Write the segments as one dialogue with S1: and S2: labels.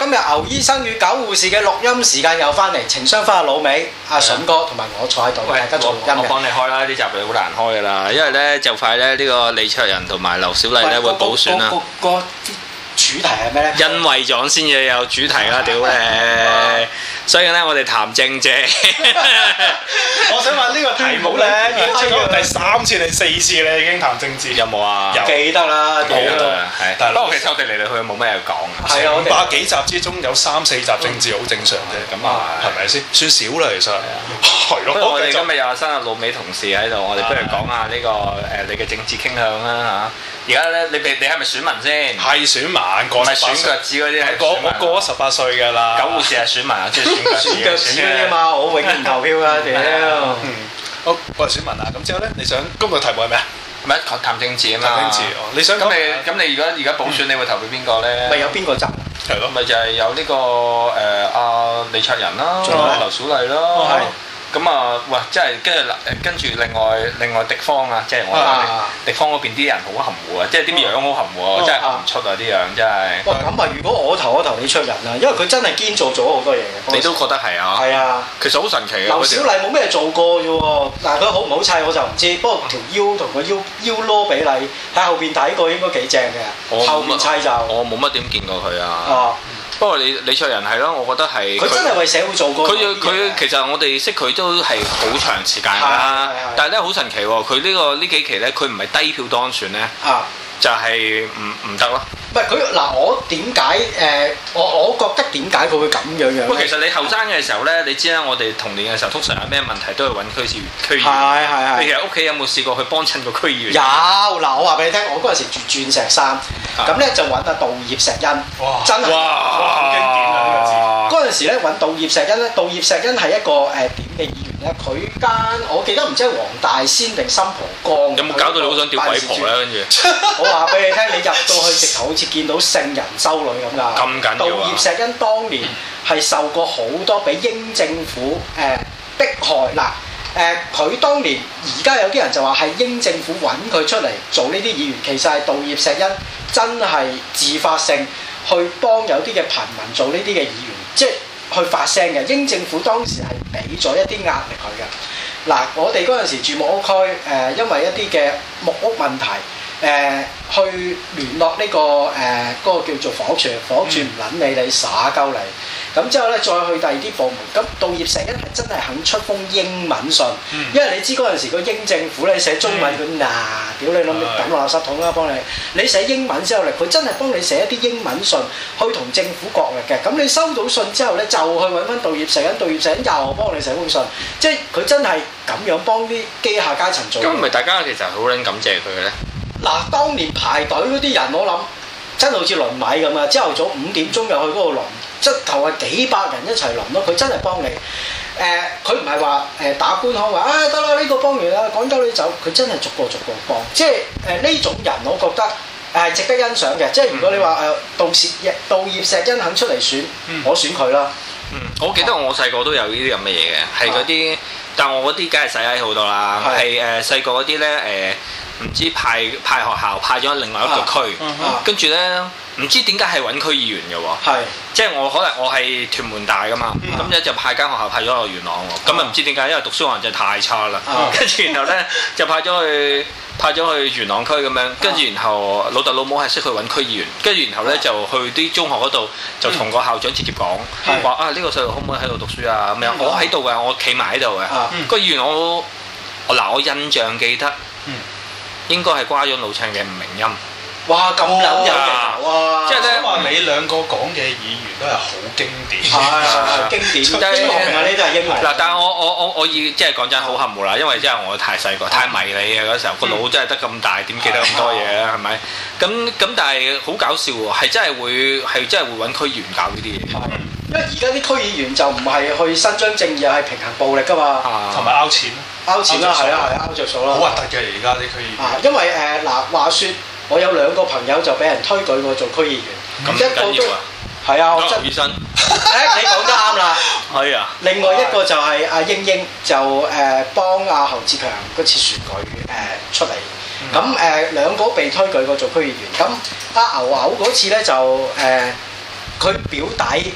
S1: 今日牛醫生與狗護士嘅錄音時間又翻嚟，情商翻阿老尾、阿筍的、啊、哥同埋我坐喺度，繼續喂錄音我我。我幫你開啦，呢集會好難
S2: 開噶啦，因為咧就快咧呢、呢個李卓人同埋劉小麗咧是會補選啦。主題係咩咧？因為咗先至有主題啦，屌咧！所以咧，我哋談政治。
S3: 我想問呢個題目咧，講第三次定四次？你已經談政治有冇啊？有記得啦，記得啦。係，不過其實我哋嚟嚟去去冇咩嘢講。係啊，我百幾集之中有三四集政治好正常啫，咁啊，係咪先？算少啦，其實
S2: 係咯。我哋今日又新阿老美同事喺度，我哋不如講下呢個誒你嘅政治傾向啦嚇。而家咧，你你係咪選民先？係選民。選腳趾嗰啲，我過咗
S3: 十八歲㗎啦。九護士係
S2: 選民，即係選腳趾。腳趾嗰啲嘛，
S1: 我永遠投票
S3: 㗎。屌，好，我係選民啊。咁之後咧，你想今個題目係咩啊？咪談政治
S2: 啊嘛。你想咁你咁你而家而家補選你會投票邊個咧？咪有邊個爭？係咯，咪就係有呢個誒阿李卓人啦，阿劉小麗啦。咁啊，哇！即係跟住，跟住另外另外敵方啊，即係我哋敵方嗰邊啲人好含糊啊，即係啲樣好含糊，真係噏唔出啊啲樣真係。咁
S1: 啊，如果我投我投你出人啊，因為佢真係堅做咗好多嘢你都覺得係啊？係啊。其實好神奇啊！劉小麗冇咩做過嘅喎，嗱，佢好唔好砌我就唔知，不過條腰同個腰腰攞俾你喺後邊睇過，應該幾正嘅。後面砌就
S2: 我冇乜點見過佢啊。不過李李卓人係咯，我覺得係佢真係為社會做過佢，佢其實我哋識佢都係好長時間㗎啦，啊啊、但係咧好神奇喎，佢呢、這個呢幾期咧，佢唔係低票當選咧啊！就係唔唔得咯。
S1: 唔係佢嗱，我點解誒？我我覺得點解佢會咁樣樣。唔其實
S2: 你後生嘅時候咧，你知啦，我哋童年嘅時候通常，常有咩問題都係揾區事區議員。係係係。你其實屋企有冇試過去幫襯個區議員？有嗱、呃，我
S1: 話俾你聽，我嗰陣時住鑽石山，咁咧就揾阿杜葉錫恩。啊、真係的。哇！嗰陣哇時咧揾杜葉錫恩。咧，杜葉錫恩係一個誒點嘅醫。呃呃呃呃呃呃佢間我記得，唔知係黃大仙定新蒲
S2: 崗，有冇搞到你好想吊鬼婆咧？跟住
S1: 我話俾你聽， 你入到去直頭好似見到聖人修女咁噶。咁緊要啊！杜葉錫恩當年係受過好多俾英政府誒、呃、迫害嗱誒，佢、呃、當年而家有啲人就話係英政府揾佢出嚟做呢啲議員，其實係杜葉錫恩真係自發性去幫有啲嘅貧民做呢啲嘅議員，即係。去發聲嘅，英政府當時係俾咗一啲壓力佢嘅。嗱，我哋嗰陣時住木屋區誒、呃，因為一啲嘅木屋問題。誒去聯絡呢個誒嗰個叫做房屋署，房屋署唔撚理你，耍鳩你。咁之後咧，再去第二啲部門。咁杜葉錫恩係真係肯出封英文信，因為你知嗰陣時個英政府咧寫中文佢牙，屌你冧抌垃圾桶啦幫你。你寫英文之後咧，佢真係幫你寫一啲英文信去同政府角力嘅。咁你收到信之後咧，就去揾翻杜葉錫恩，杜葉錫恩又幫你寫封信。即係佢真係咁樣幫啲基下階層做。咁唔
S2: 係大家其實好撚感謝佢嘅咧。
S1: 嗱，當年排隊嗰啲人，我諗真係好似輪米咁啊！朝頭早五點鐘又去嗰度輪，即頭係幾百人一齊輪咯。佢真係幫你，誒、呃，佢唔係話誒打官腔話，啊得啦，呢、這個幫完啦，趕走你走，佢真係逐個逐個幫，即係誒呢種人，我覺得係、呃、值得欣賞嘅。即係如果你話誒杜錫、杜葉錫恩肯出嚟選，嗯、我選佢啦。
S2: 嗯，我記得我細個都有呢啲咁嘅嘢嘅，係嗰啲。但我嗰啲梗係細喺好多啦，係誒細個嗰啲咧誒唔知派派學校派咗另外一個區，啊嗯、跟住咧。唔知點解係揾區議員嘅喎，即係我可能我係屯門大㗎嘛，咁一就派間學校派咗去元朗喎，咁啊唔知點解，因為讀書可能真係太差啦，跟住然後呢，就派咗去派咗去元朗區咁樣，跟住然後老豆老母係識去揾區議員，跟住然後呢，就去啲中學嗰度就同個校長直接講話啊，呢個細路可唔可以喺度讀書啊？咁樣我喺度嘅，我企埋喺度嘅，個議員我嗱我印象記得，應該係瓜咗老襯
S3: 嘅吳明音。哇咁扭呀！哇，
S1: 即係咧，你
S3: 兩個講嘅議員都係好經典，係經典，出名啊！呢啲係英雄。嗱，
S2: 但係我我我我以即係講真好含糊啦，因為即係我太細個，太迷你嘅嗰時候，個腦真係得咁大，點記得咁多嘢咧？係咪？咁咁，但係好搞笑喎，係真係會係真係會揾區議員搞
S1: 呢啲嘢。因為而家啲區議員就唔係去伸張正義，係平衡暴力㗎嘛，同埋摳錢，摳錢啦，係啊係啊，摳著數啦。好核突
S3: 嘅而家啲區議員。因為誒
S1: 嗱話説。我有兩個朋友就俾人推舉過做區議員，嗯、一個都係啊，啊我真，誒 No, 你講得啱啦，係 啊，另外一個就係阿英英，茵茵就誒、呃、幫阿、啊、侯志強嗰次選舉誒、呃、出嚟，咁誒、嗯呃、兩個都被推舉過做區議員，咁阿牛牛嗰次咧就誒佢表弟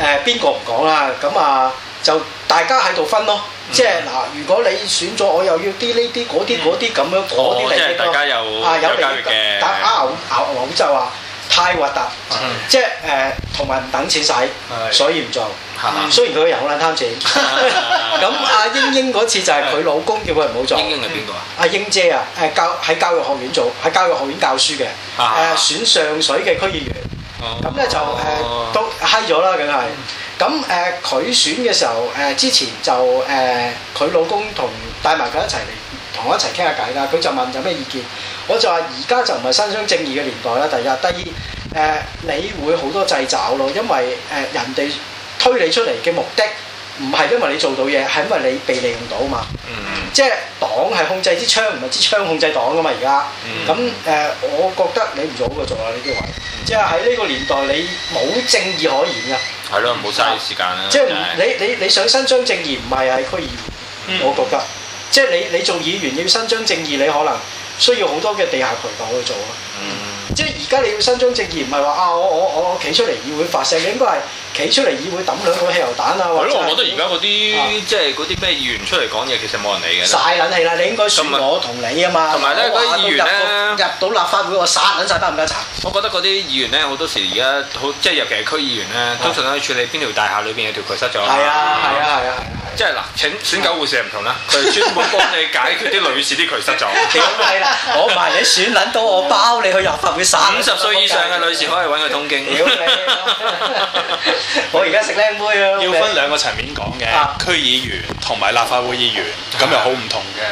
S1: 誒邊個唔講啦，咁啊。就大家喺度分咯，即係嗱，如果你選咗，我又要啲呢啲嗰啲嗰啲咁樣嗰啲嚟，大家又啊有嘅。但阿牛阿就話太核突，即係誒同埋等錢使，所以唔做。雖然佢個人好懶貪錢。咁阿英英嗰次就係佢老公叫佢唔好做。英英係邊個啊？阿英姐啊，誒教喺教育學院做，喺教育學院教書嘅，誒選上水嘅區議員。咁咧就誒都閪咗啦，梗係。咁誒佢選嘅時候誒、呃、之前就誒佢、呃、老公同帶埋佢一齊嚟同我一齊傾下偈啦。佢就問有咩意見，我就話而家就唔係伸張正義嘅年代啦。第一，第二誒、呃、你會好多掣肘咯，因為誒、呃、人哋推你出嚟嘅目的唔係因為你做到嘢，係因為你被利用到啊嘛。嗯、mm，hmm. 即係黨係控制支槍，唔係支槍控制黨噶嘛。而家，咁誒、mm hmm. 呃，我覺得你唔做好過做啊，呢啲位。」即係喺呢個年代，你冇正義可言㗎。
S2: 係 咯，冇嘥時間啦。即 係你
S1: 你你想伸張正義，唔係喺區議員，我覺得。嗯、即係你你做議員要伸張正義，你可能需要好多嘅地下渠道去做咯。嗯。即係而家你要伸張正義，唔係話啊！我我我企出嚟議會發聲，應該係企出嚟議會揼兩個汽油彈啊！係咯，
S2: 我覺得而家嗰啲即係啲咩議員出嚟講嘢，其實冇人理嘅。嘥
S1: 撚氣啦！你應該信我同你啊嘛。同埋咧，嗰啲議員咧入到立法會，我散撚曬得唔得？查。
S2: 我覺得嗰啲議員咧好多時而家好即係尤其係區議員咧，啊、通常去係處理邊條大廈裏邊有條渠塞咗。係啊！係啊！係啊！即係嗱，請選狗護士係唔同啦，佢專門幫你解決啲女士啲頹失狀。係
S1: 啦， 我唔係你選撚到我包你去立法會省。五十歲以上
S2: 嘅女士可以揾佢痛經。 我
S3: 而家
S1: 食靚妹啊！要分兩個層面講嘅，啊、區議員同埋立法
S3: 會議員，咁、哦、又好唔同嘅。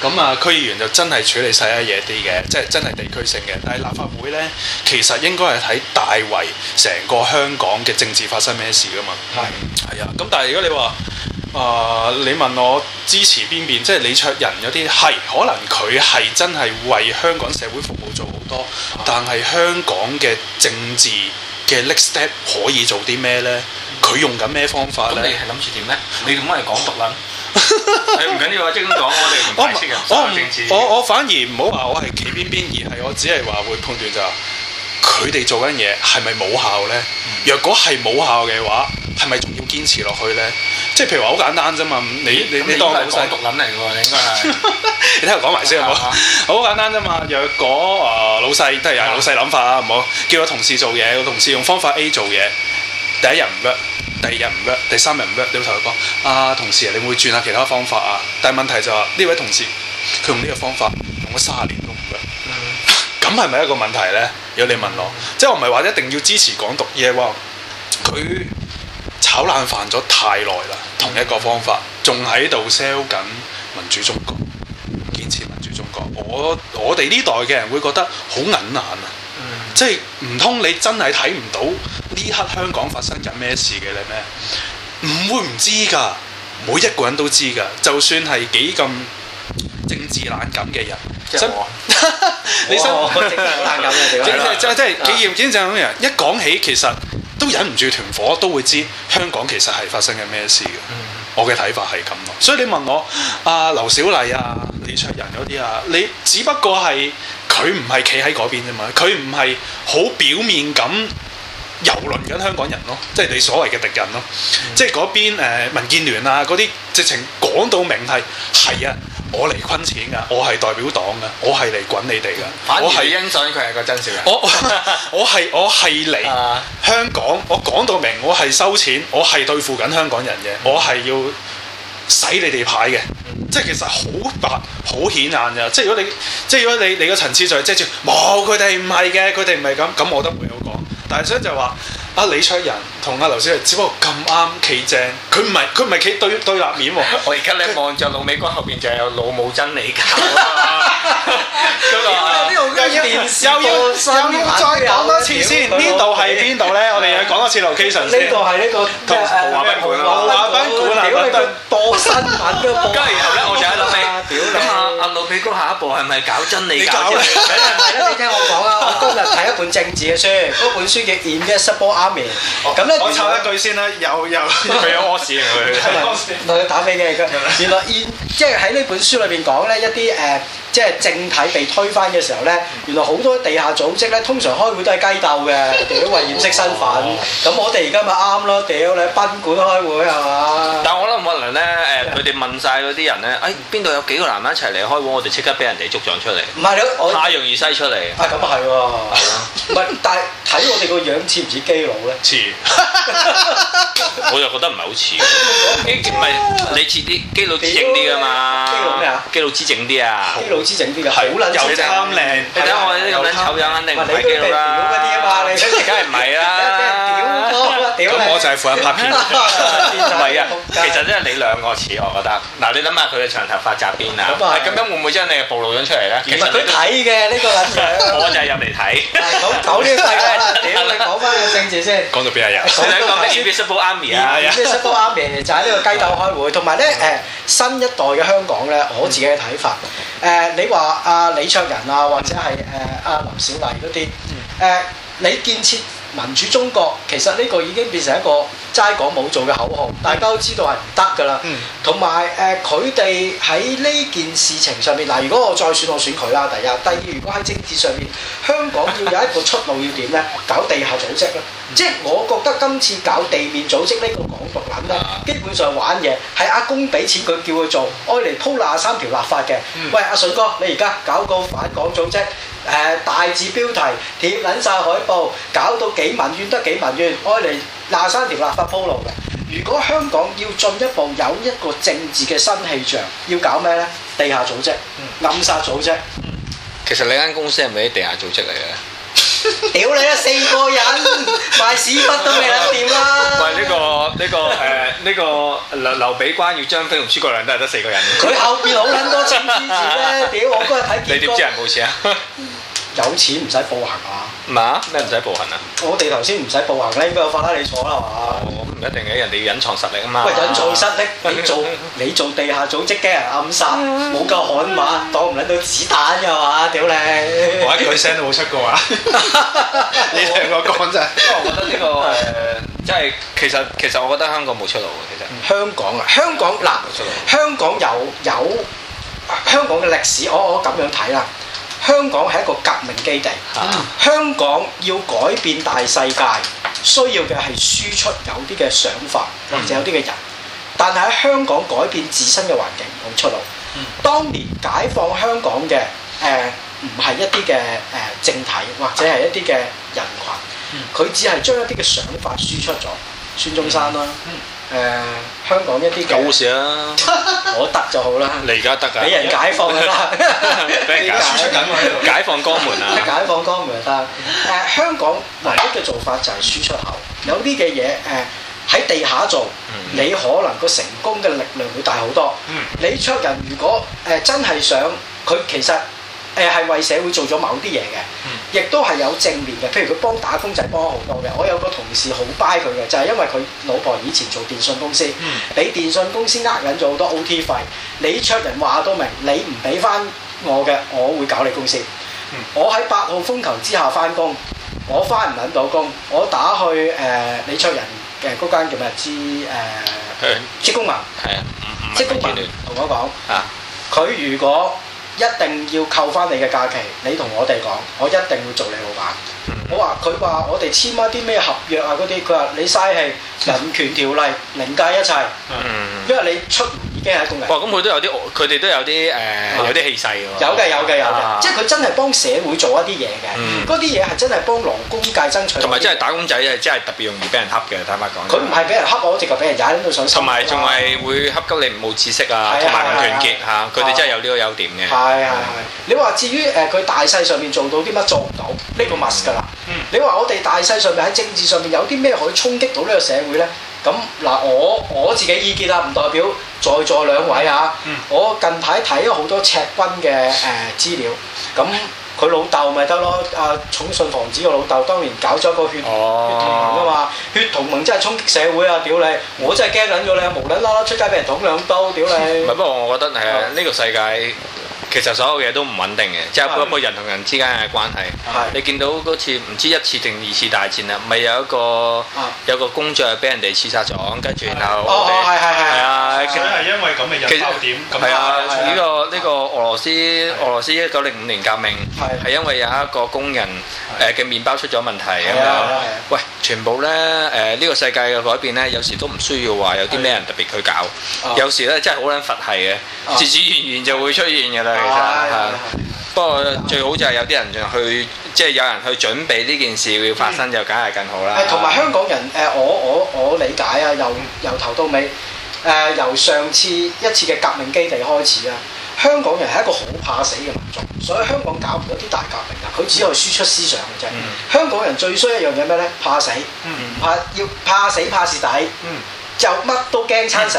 S3: 咁啊、嗯，嗯、區議員就真係處理細啊嘢啲嘅，即係真係地區性嘅。但係立法會呢，其實應該係睇大圍成個香港嘅政治發生咩事㗎嘛。係係啊，咁但係如果你話。啊！Uh, 你問我支持邊邊？即係李卓人有啲係，可能佢係真係為香港社會服務做好多。啊、但係香港嘅政治嘅 next step 可以做啲咩呢？佢用緊咩方法咧？咁你係諗住點呢？你點解係講獨撚？
S2: 唔緊要啊！即係咁講，我哋唔解釋嘅。我
S3: 我我反而唔好話我係企邊邊，而係我只係話會判斷就係佢哋做緊嘢係咪冇效呢？嗯、若果係冇效嘅話，係咪仲要堅持落去呢？即係譬如話好簡單啫嘛，你、嗯、你、嗯、你當老細港獨諗嚟嘅喎，你應該係， 你聽我講埋先好冇？好簡單啫嘛，若果啊、呃、老細都係有老細諗法啊，唔好、嗯、叫個同事做嘢，個同事用方法 A 做嘢，第一日唔得，第二日唔得，第三日唔得，你會同佢講：啊同事，你會轉下其他方法啊。但係問題就係、是、呢位同事佢用呢個方法用咗三十年都唔得，咁係咪一個問題咧？如果你問我，即係我唔係話一定要支持港獨嘢喎，佢。炒冷飯咗太耐啦，同一個方法仲喺度 sell 緊民主中國，建設民主中國。我我哋呢代嘅人會覺得好眼眼啊！即係唔通你真係睇唔到呢刻香港發生緊咩事嘅你咩？唔會唔知㗎，每一個人都知㗎，就算係幾咁政治冷感嘅人，
S1: 你真係
S3: 幾嚴重嘅人，一講起其實。都忍唔住團火，都會知香港其實係發生緊咩事嘅。Mm hmm. 我嘅睇法係咁咯。所以你問我，阿、啊、劉小麗啊、李卓人嗰啲啊，你只不過係佢唔係企喺嗰邊啫嘛。佢唔係好表面咁遊輪緊香港人咯，即係你所謂嘅敵人咯。Mm hmm. 即係嗰邊、呃、民建聯啊嗰啲，直情講到明係係啊。我嚟坤錢㗎，我係代表黨㗎，我係嚟滾你哋㗎反而 是。我係欣
S2: 賞佢係個真小
S3: 人。我我係我係嚟香港， 我講到明，我係收錢，我係對付緊香港人嘅，我係要洗你哋牌嘅、嗯。即係其實好白好顯眼㗎。即係如果你即係如果你你個層次再遮住，冇佢哋唔係嘅，佢哋唔係咁咁，我都唔會好講。但係所以就係話。阿李卓人同阿劉小麗，只不過咁啱企正，佢唔係佢唔係企對對立面喎。我而家咧望著老美軍後邊就有老母真你㗎。
S1: 嗰
S3: 個又
S1: 要又要再講多次先，呢
S3: 度係邊度咧？我哋要講多次 location 先。呢度係呢
S1: 個桃花賓館啊！桃花賓館啊！屌你，對播新聞，跟住然後咧，我
S2: 就喺度諗。你估下一步係咪搞真理搞咧？唔
S1: 你聽我講啊！我今日睇一本政治嘅書，嗰本書叫《In the Subpo Army》。咁咧，我插一句先啦，又又佢有屙屎嚟㗎。原來打你嘅，原來即係喺呢本書裏邊講咧，一啲誒、呃、即係政體被推翻嘅時候咧，原來好多地下組織咧，通常開會都係雞竇嘅，屌為掩飾身份。咁我哋而家咪啱咯？屌你喺賓館開會係嘛？但
S2: 係我諗。佢哋問晒嗰啲人咧，誒邊度有幾個男人一齊嚟開會，我哋即刻俾人哋捉咗出嚟。唔係，太容易西出嚟。啊，
S1: 咁啊係喎。係啊。唔係，但係睇我哋個樣似唔似基佬咧？似。
S3: 我
S2: 就覺得唔係好似。唔係你似啲基佬資整啲㗎嘛。基佬咩啊？基佬資整啲啊？基佬資整啲啊？好撚醜樣，你睇我啲咁撚醜樣，肯定唔係基佬啦。
S1: 梗
S2: 係唔係啊？咁我就係負責拍片，唔係啊，其實真係你兩個似，我覺得。嗱，你諗下佢嘅長頭髮側邊啊，係咁樣會唔會將你暴露咗出嚟咧？其實佢睇嘅呢
S1: 個撚樣，我就係
S2: 入嚟睇。講講呢個世界，講翻個政治先。講到邊啊？入。你兩個係 Super Amy 啊？Super Amy 就喺呢個雞竇
S1: 開會，同埋咧誒新一代嘅香港咧，我自己嘅睇法。誒，你話阿李卓人啊，或者係誒阿林小麗嗰啲，誒你建設。民主中國其實呢個已經變成一個齋講冇做嘅口號，大家都知道係唔得㗎啦。同埋誒，佢哋喺呢件事情上面，嗱，如果我再選，我選佢啦。第一、第二，如果喺政治上面，香港要有一個出路，要點呢？搞地下組織囉。即係我覺得今次搞地面組織呢個港獨捻咧，基本上玩嘢係阿公俾錢佢叫佢做，開嚟鋪廿三條立法嘅。喂，阿水哥，你而家搞個反港組織，誒大字標題貼撚曬海報，搞到幾萬怨得幾萬怨，開嚟廿三條立法鋪路嘅。如果香港要進一步有一個政治嘅新氣象，要搞咩咧？地下組織，暗殺組織。
S2: 其實你間公司係咪啲地
S1: 下組織嚟嘅？屌你啊，四個人 賣屎筆都未撚掂啦！喂，呢個
S2: 呢個誒呢個劉劉備、關羽、張飛同諸葛亮都係得四個
S1: 人。佢 後邊好撚多千千字咧！屌， 我嗰日睇結果。你點知人冇錢啊？ 有錢唔使步行啊！唔係啊？咩唔使步行啊？我哋頭先唔使步行咧，應該有法拉利坐啦嘛！
S2: 咁唔一定嘅，人哋要隱藏實力啊嘛！喂，隱藏實力，你做
S1: 你做地下組織嘅人暗殺，冇夠悍猛，擋唔甩到子彈嘅嘛？屌你！我一句聲都冇出過啊！你成我講啫。因為我覺得呢個誒，即係
S2: 其實其實我覺得香港冇出路嘅，其實
S1: 香港啊，香港嗱，香港有有香港嘅歷史，我我咁樣睇啦。香港係一個革命基地，香港要改變大世界，需要嘅係輸出有啲嘅想法或者有啲嘅人，但係喺香港改變自身嘅環境冇出路。當年解放香港嘅誒唔係一啲嘅誒政體或者係一啲嘅人群，佢只係將一啲嘅想法輸出咗。孫中山啦、啊，誒、呃、香港一啲舊事啦、啊， 我得就好啦，你而家得㗎，俾人解放啦，
S2: 俾 人解放，放， 解放江門啊， 解
S1: 放江門就得，誒、 呃、香港唯一嘅做法就係輸出口，的有啲嘅嘢誒喺地下做，你可能個成功嘅力量會大好多，嗯、李卓人如果誒真係想佢其實。誒係為社會做咗某啲嘢嘅，亦都係有正面嘅。譬如佢幫打工仔幫好多嘅。我有個同事好掰佢嘅，就係、是、因為佢老婆以前做電信公司，俾、嗯、電信公司呃緊咗好多 O T 費。李卓人話都明，你唔俾翻我嘅，我會搞你公司。嗯、我喺八號風球之下翻工，我翻唔揾到工，我打去誒、呃、李卓人嘅嗰間叫咩？志誒職工盟，
S2: 係啊，職工盟同我講啊，
S1: 佢如果。一定要扣翻你嘅假期，你同我哋講，我一定要做你老闆。我話佢話我哋簽一啲咩合約啊嗰啲，佢話你嘥氣，人權條例凌駕一切，因為你出已經係工人。咁佢都有啲，佢哋都有啲誒，有啲氣勢喎。有嘅有嘅有嘅，即係佢真係幫社會做一啲嘢嘅，嗰啲嘢係真係幫勞工界爭取。同埋真
S2: 係打工仔咧，真係特別容易俾人恰嘅，坦白點講。佢唔
S1: 係俾人恰，我直頭俾人踩喺度上，同埋仲
S2: 係會恰鳩你唔冇知識啊，同埋唔團結嚇，佢哋真係有呢個優點嘅。係係係，
S1: 你話至於誒佢大勢上面做到啲乜做唔到，呢個密 u s t 噶啦。你話我哋大勢上面喺政治上面有啲咩可以衝擊到呢個社會咧？咁嗱，我我自己意見啊，唔代表在座兩位吓。嗯、我近排睇咗好多赤軍嘅誒資料，咁佢老豆咪得咯。阿、啊、崇信房子個老豆當年搞咗一個血，哦、血同盟啊嘛，血同盟真係衝擊社會啊！屌你，我真係驚緊咗你，無啦啦出街俾人捅兩刀，屌你！唔係不，
S2: 不過我覺得係啊，呢、嗯、個世界。其實所有嘢都唔穩定嘅，即係嗰個人同人之間嘅關係。你見到嗰次唔知一次定二次大戰啦，咪有一個有個公爵俾人哋刺殺咗，跟住然後我哋係啊，其實係因為咁嘅因素點？係啊，從呢個呢個俄羅斯俄羅斯一九零五年革命係因為有一個工人誒嘅麵包出咗問題咁樣。喂，全部咧誒呢個世界嘅改變咧，有時都唔需要話有啲咩人特別去搞，有時咧真係好撚佛系嘅，自自然然就會出現㗎啦。係，不過最好就係有啲人去，即係有人去準備呢件事要發生，就梗係更好啦。同埋香
S1: 港人，誒，我我我理解啊，由由頭到尾，誒，由上次一次嘅革命基地開始啊，香港人係一個好怕死嘅民族，所以香港搞唔到啲大革命啊，佢只有輸出思想嘅啫。香港人最衰一樣嘢咩咧？怕死，怕要怕死怕蝕底。就乜都驚餐死，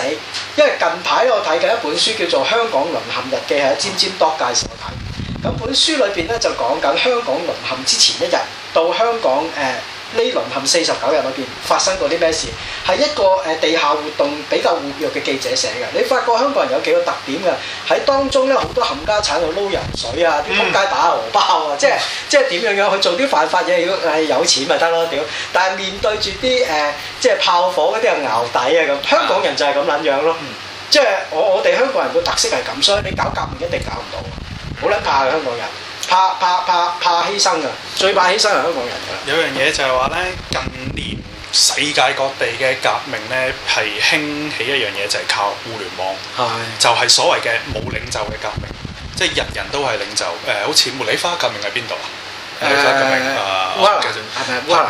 S1: 因為近排我睇緊一本書叫做《香港淪陷日記》，係尖尖多介紹我睇。咁本書裏邊咧就講緊香港淪陷之前一日到香港誒。呃呢輪含四十九日裏邊發生過啲咩事？係一個誒、呃、地下活動比較活躍嘅記者寫嘅。你發覺香港人有幾個特點㗎？喺當中咧好多冚家產度撈油水啊，啲仆街打荷包啊，即係、嗯、即係點樣樣去做啲犯法嘢？如果係有錢咪得咯屌！但係面對住啲誒即係炮火嗰啲又熬底啊咁，香港人就係咁撚樣咯。嗯嗯、即係我我哋香港人嘅特色係咁，所以你搞革命一定搞唔到，好撚怕嘅香港人。怕怕怕怕犧牲啊，最怕犧牲係香港
S3: 人㗎。有樣嘢就係話咧，近年世界各地嘅革命咧係興起一樣嘢，就係、是、靠互聯網，是就係所謂嘅冇領袖嘅革命，即係人人都係領袖。誒、呃，好似茉莉花革命喺邊度啊？誒哇，烏蘭，係咪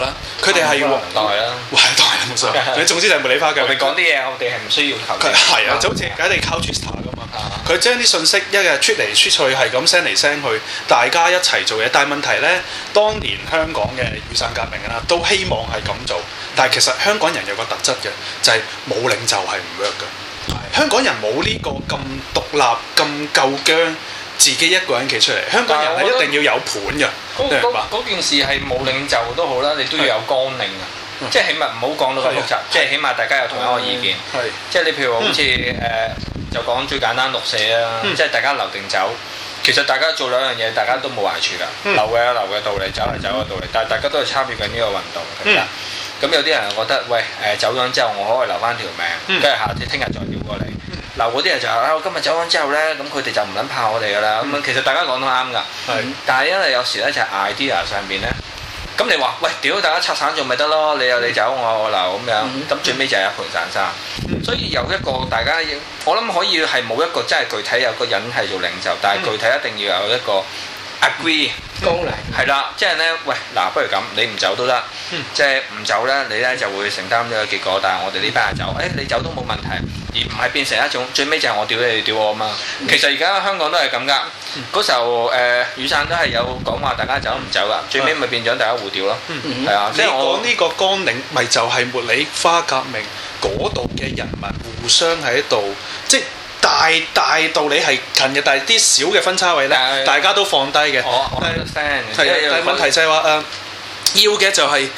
S3: 啦，佢哋係要代大啦，宏大咁樣。你總之就冇理化嘅， 我哋講啲嘢，我哋係唔需要求。係啊，就好似佢哋靠 Twitter 噶嘛，佢將啲信息一日出嚟出，出去係咁 send 嚟 send 去，大家一齊做嘢。但係問題咧，當年香港嘅雨傘革命啦，都希望係咁做，但係其實香港人有個特質嘅，就係、是、冇領袖係唔 work 嘅。香港人冇呢個咁獨立、咁夠薑自己一個人企出嚟。香港人係一定要有盤嘅。嗰件事係冇領袖都好啦，你都要有綱領啊，即
S2: 係起碼唔好講到咁複雜，即係起碼大家有同一個意見，即係你譬如話好似誒就講最簡單六四啦，即係大家留定走，其實大家做兩樣嘢，大家都冇壞處噶，留嘅留嘅道理，走嚟走嘅道理，但係大家都係參與緊呢個運動，咁有啲人又覺得喂，誒走咗之後，我可以留翻條命，跟住下次聽日再跳過嚟。留嗰啲人就係我今日走完之後咧，咁佢哋就唔撚怕我哋噶啦。咁其實大家講都啱噶，但係因為有時咧就係 idea 上面咧，咁你話喂屌，大家拆散咗咪得咯？你有你走，我我留咁樣，咁最尾就係一盤散沙。所以由一個大家，我諗可以係冇一個真係具體有個人係做領袖，但係具體一定要有一個 agree 高嚟係啦。即係咧喂，嗱，不如咁，你唔走都得，即係唔走咧，你咧就會承擔咗個結果。但係我哋呢班人走，誒，你走都冇問題。而唔係變成一種，最尾就係我屌你，你屌我啊嘛。其實而家香港都係咁噶。嗰時候誒雨傘都係有
S3: 講話，大家走唔走啦？最尾咪變咗大家互調咯。嗯嗯。係啊。你講呢個江寧咪就係茉莉花革命嗰度嘅人民互相喺度，即係大大道理係近嘅，但係啲小嘅分叉位咧，大家都放低嘅。哦
S2: 哦。p e r c 問題就係
S3: 話誒，要嘅就係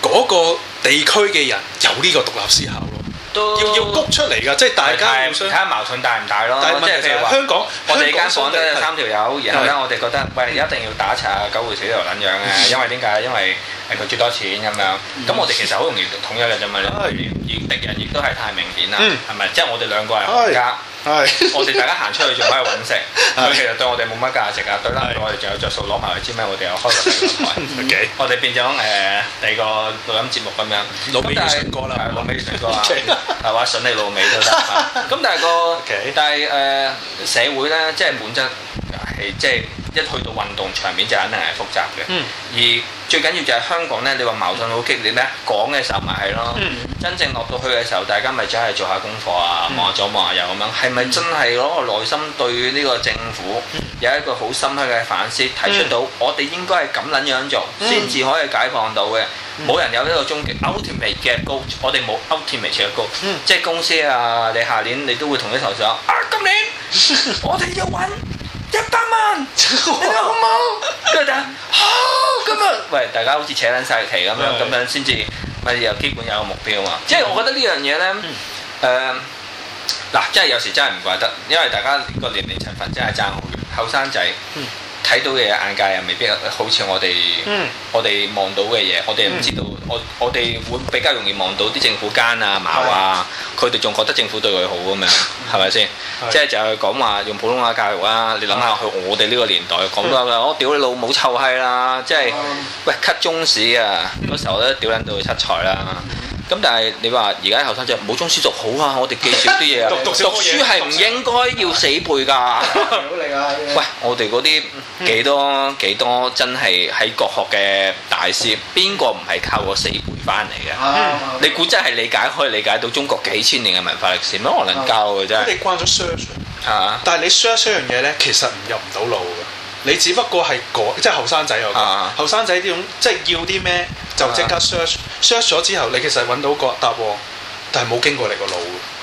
S3: 嗰個地區嘅人有呢個獨立思考。要要谷出嚟㗎，即係大家睇下矛盾大唔大咯。即係譬如話香港，我哋間房咧有三條友，然後咧我哋覺得喂一定要
S2: 打一齊，九回死都冇撚樣啊。因為點解？因為佢最多錢咁樣。咁我哋其實好容易統一嘅啫嘛。亦敵人亦都係太明顯啦。係咪？即係我哋兩個係學家。係，我哋大家行出去做咩揾食？咁其實對我哋冇乜價值啊！對啦，對我哋仲有着數，攞埋去知咩？我哋有開台，我哋變咗誒你個錄音節目咁樣。老尾上過啦，係老尾上過啦，係話順你老尾都得嚇。咁但係個，但係誒社會咧，即係本質係即係一去到運動場面就肯定係複雜嘅，而。最緊要就係香港咧，你話矛盾好激烈咧，講嘅時候咪係咯，嗯、真正落到去嘅時候，大家咪真係做下功課啊，望左望右咁樣，係咪真係攞個內心對呢個政府有一個好深刻嘅反思，提出到我哋應該係咁撚樣做，先至可以解放到嘅。冇人有呢個終極 ultimate 嘅 goal，我哋冇 ultimate 嘅 goal，嗯、即係公司啊，你下年你都會同啲頭上啊，今年我哋要揾一百萬，你話好冇？好。 呃、喂，大家好似扯撚晒旗咁樣，咁樣先至咪又基本有個目標嘛。嗯、即係我覺得呢樣嘢咧，誒、嗯，嗱、呃，即係有時真係唔怪得，因為大家個年齡層份真係爭好遠，後生仔。睇到嘅眼界又未必好似我哋，嗯、我哋望到嘅嘢，嗯、我哋唔知道，嗯、我我哋會比較容易望到啲政府奸啊、貿啊，佢哋仲覺得政府對佢好咁樣，係咪先？即係的就係講話用普通話教育啦。你諗下，去，我哋呢個年代講到啦，我的、哦、屌你老母臭閪啦，即、就、係、是、的喂 cut 中史啊！嗰時候屌都屌撚到佢七彩啦。咁但係你話而家後生仔冇中史讀好啊！我哋記少啲嘢， 讀讀書係唔應該要死背㗎。
S1: 喂，
S2: 我哋嗰啲幾多幾、嗯、多真係喺國學嘅大師，邊個唔係靠個死背翻嚟嘅？嗯、你估真係理解可以理解到中國幾千年嘅文化歷史咩？我能教嘅啫？嗯、你
S3: 慣咗 search 啊？但係你 search 一樣嘢咧，其實入唔到腦。你只不過係講，即係後生仔我講，後生仔呢種，即係要啲咩就即刻 search，search 咗之後你其實揾到個答案，但係冇經過你個腦。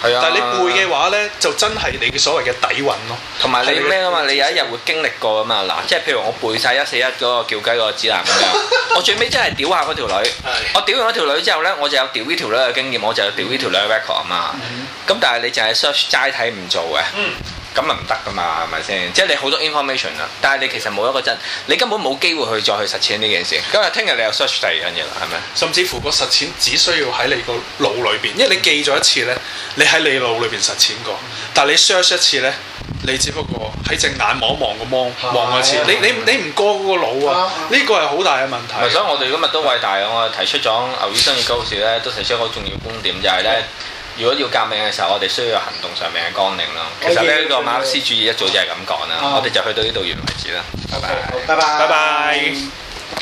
S3: 係啊，但係你背嘅話咧，就真係你嘅所謂嘅底蘊咯。同埋你咩啊嘛，你有一
S2: 日會經歷過啊嘛，嗱，即係譬如我背晒一四一嗰個叫雞個指南咁樣，我最尾真係屌下嗰條女，我屌完嗰條女之後咧，我就有屌呢條女嘅經驗，我就有屌呢條女 record 啊嘛。咁但係你淨係 search 齋睇唔做嘅。咁咪唔得㗎嘛，係咪先？即係你好多 information 啊，但係你其實冇一個真，你根本
S3: 冇機會去再去實踐呢件事。今日聽日你又 search 第二樣嘢啦，係咪？甚至乎個實踐只需要喺你個腦裏邊，因為你記咗一次呢，你喺你腦裏邊實踐過，但係你 search 一次呢，你只不過喺隻眼望一望個芒，望一次。哎、呀你你、嗯、你唔過嗰個腦啊？呢、啊、個係好大嘅問
S2: 題。所以我哋今日都偉大，我提出咗牛醫生嘅高士呢，都提出一個重要觀點嚟呢。就係嗯如果要革命嘅時候，我哋需要行動上面嘅綱領咯。
S3: 其實呢個馬克思主義一早就係咁講啦。嗯、我哋就去到呢度完為止啦。拜拜。
S1: 拜拜。拜拜。拜
S3: 拜。